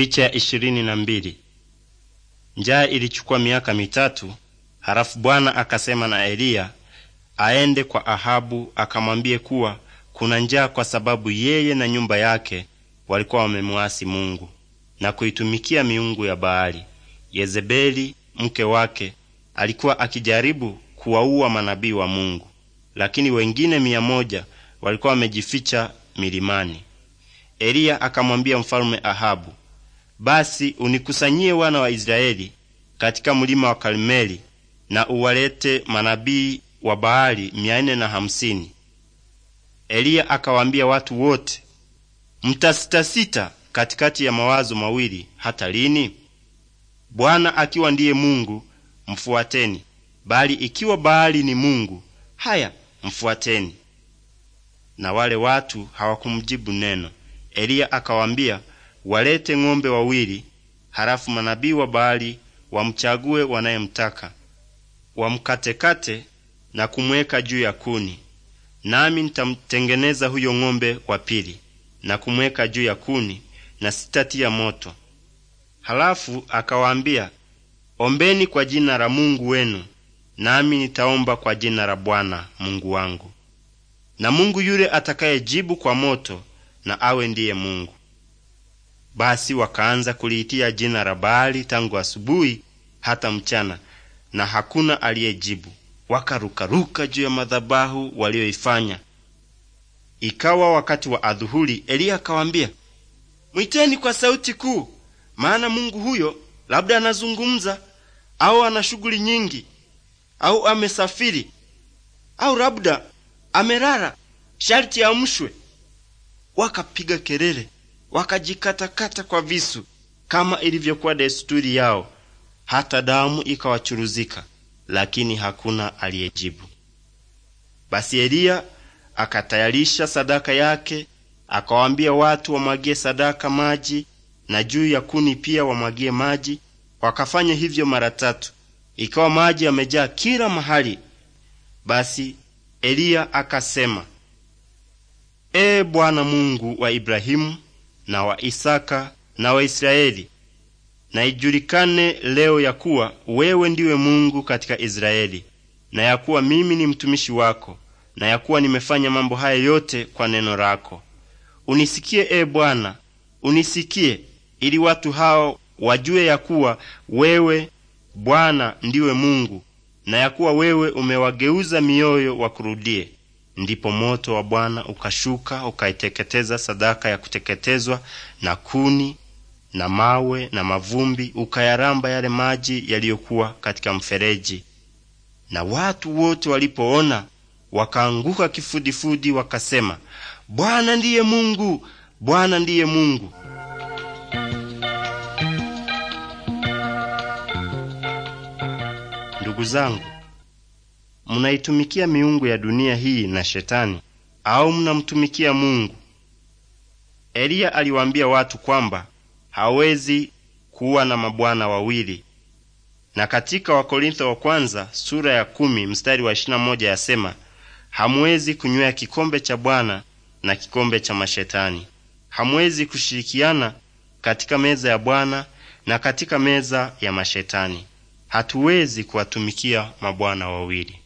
Picha ya ishirini na mbili. Njaa ilichukua miaka mitatu, halafu Bwana akasema na Eliya aende kwa Ahabu akamwambie kuwa kuna njaa kwa sababu yeye na nyumba yake walikuwa wamemwasi Mungu na kuitumikia miungu ya Baali. Yezebeli mke wake alikuwa akijaribu kuwaua manabii wa Mungu, lakini wengine mia moja walikuwa wamejificha milimani. Eliya akamwambia mfalme Ahabu, basi unikusanyie wana wa Israeli katika mlima wa Karmeli na uwalete manabii wa Baali mia nne na hamsini. Eliya akawaambia watu wote, mtasitasita katikati ya mawazo mawili hata lini? Bwana akiwa ndiye Mungu mfuateni, bali ikiwa Baali ni mungu, haya mfuateni. Na wale watu hawakumjibu neno. Eliya akawaambia, walete ng'ombe wawili, halafu manabii wa Baali wamchague wanayemtaka, wamkatekate na kumweka juu ya kuni. Nami nitamtengeneza huyo ng'ombe wa pili na kumweka juu ya kuni, na sitatia moto. Halafu akawaambia, ombeni kwa jina la Mungu wenu, nami nitaomba kwa jina la Bwana Mungu wangu, na Mungu yule atakayejibu kwa moto na awe ndiye Mungu. Basi wakaanza kuliitia jina la Baali tangu asubuhi hata mchana, na hakuna aliyejibu. Wakarukaruka juu ya madhabahu walioifanya. Ikawa wakati wa adhuhuri, Eliya akawaambia, mwiteni kwa sauti kuu, maana Mungu huyo labda anazungumza au ana shughuli nyingi au amesafiri au labda amelala, sharti amshwe. Wakapiga kelele wakajikatakata kwa visu kama ilivyokuwa desturi yao, hata damu ikawachuruzika, lakini hakuna aliyejibu. Basi Eliya akatayarisha sadaka yake, akawaambia watu wamwagie sadaka maji, na juu ya kuni pia wamwagie maji. Wakafanya hivyo mara tatu, ikawa maji yamejaa kila mahali. Basi Eliya akasema, E Bwana Mungu wa Ibrahimu, na wa Isaka na Waisraeli, na ijulikane leo ya kuwa wewe ndiwe Mungu katika Israeli, na ya kuwa mimi ni mtumishi wako, na ya kuwa nimefanya mambo haya yote kwa neno lako. Unisikie e Bwana, unisikie, ili watu hao wajue ya kuwa wewe Bwana ndiwe Mungu, na ya kuwa wewe umewageuza mioyo wakurudie. Ndipo moto wa Bwana ukashuka ukaiteketeza sadaka ya kuteketezwa na kuni na mawe na mavumbi, ukayaramba yale maji yaliyokuwa katika mfereji. Na watu wote walipoona wakaanguka kifudifudi, wakasema, Bwana ndiye Mungu, Bwana ndiye Mungu. Ndugu zangu, mnaitumikia miungu ya dunia hii na Shetani, au mnamtumikia Mungu? Eliya aliwaambia watu kwamba hawezi kuwa na mabwana wawili, na katika Wakorintho wa kwanza sura ya kumi mstari wa ishirini na moja yasema hamuwezi kunywea kikombe cha Bwana na kikombe cha mashetani. Hamuwezi kushirikiana katika meza ya Bwana na katika meza ya mashetani. Hatuwezi kuwatumikia mabwana wawili.